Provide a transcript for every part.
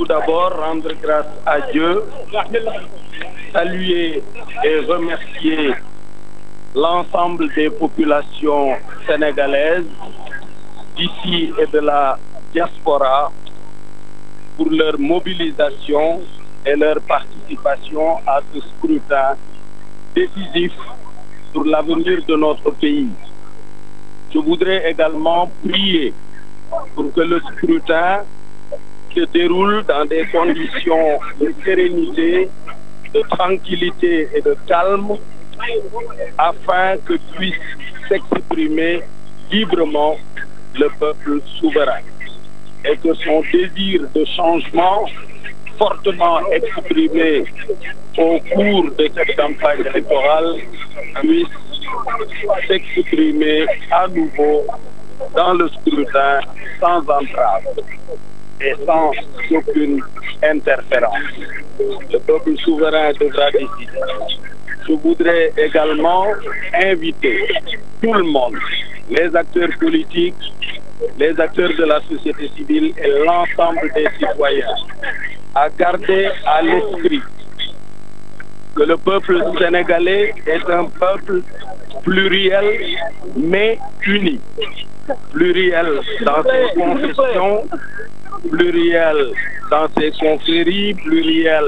tout d'abord rendre grâce à Dieu, saluer et remercier l'ensemble des populations sénégalaises d'ici et de la diaspora pour leur mobilisation et leur participation à ce scrutin décisif pour l'avenir de notre pays. Je voudrais également prier pour que le scrutin se déroule dans des conditions de sérénité, de tranquillité et de calme afin que puisse s'exprimer librement le peuple souverain et que son désir de changement fortement exprimé au cours de cette campagne électorale puisse s'exprimer à nouveau dans le scrutin sans entrave et sans aucune interférence. Le peuple souverain devra décider. Je voudrais également inviter tout le monde, les acteurs politiques, les acteurs de la société civile et l'ensemble des citoyens, à garder à l'esprit que le peuple sénégalais est un peuple pluriel mais uni. Pluriel dans ses conceptions, pluriel dans ses confréries, pluriel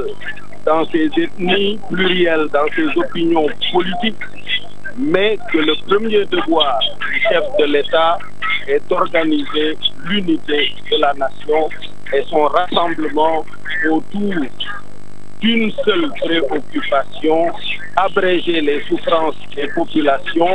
dans ses ethnies, pluriel dans ses opinions politiques, mais que le premier devoir du chef de l'État est d'organiser l'unité de la nation et son rassemblement autour d'une seule préoccupation, abréger les souffrances des populations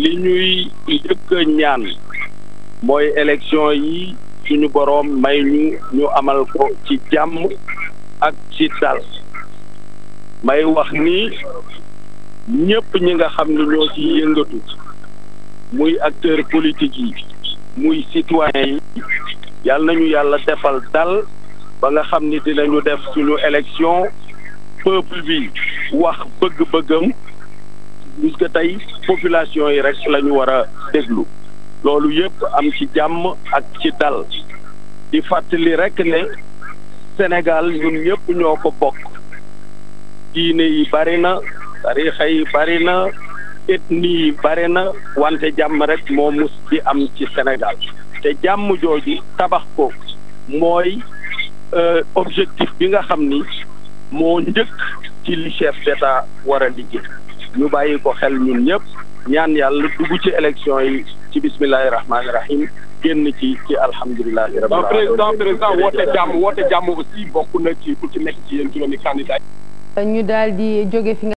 li ñuy njëkk ñaan mooy élection yi ñu boroom may ñu ñu amal ko ci jàmm ak ci dal may wax ni ñëpp ñi nga xam ne ñoo ci yëngatu muy acteur politik yi muy citoyen yi yàlla nañu yàlla defal dal ba nga xam ni dinañu def suñu élection peuple bi wax bëgg-bëggam puisque tey population yi rek lañu ñu war a déglu loolu yëpp am ci jàmm ak ci dal di fàttali rek ne Sénégal ñun ñëpp ñoo ko bokk diine yi bari na tarixa yi bari na ethnie yi bari na wante jàmm rek moo mus di am ci Sénégal te jàmm jooju tabax ko mooy euh, objectif bi nga xam ni moo njëkk ci li chef d'État war a liggéey ñu bàyyi ko xel ñun ñëpp ñaan yàlla dugg ci élection yi ci bismillahi rahmaani rahim génn ci ci alhamdulilahi rabbil alamin président président woote jàmm woote jàmm aussi bokk na ci ku ci nekk ci yéen juróomi candidat ñu daal jóge fi nga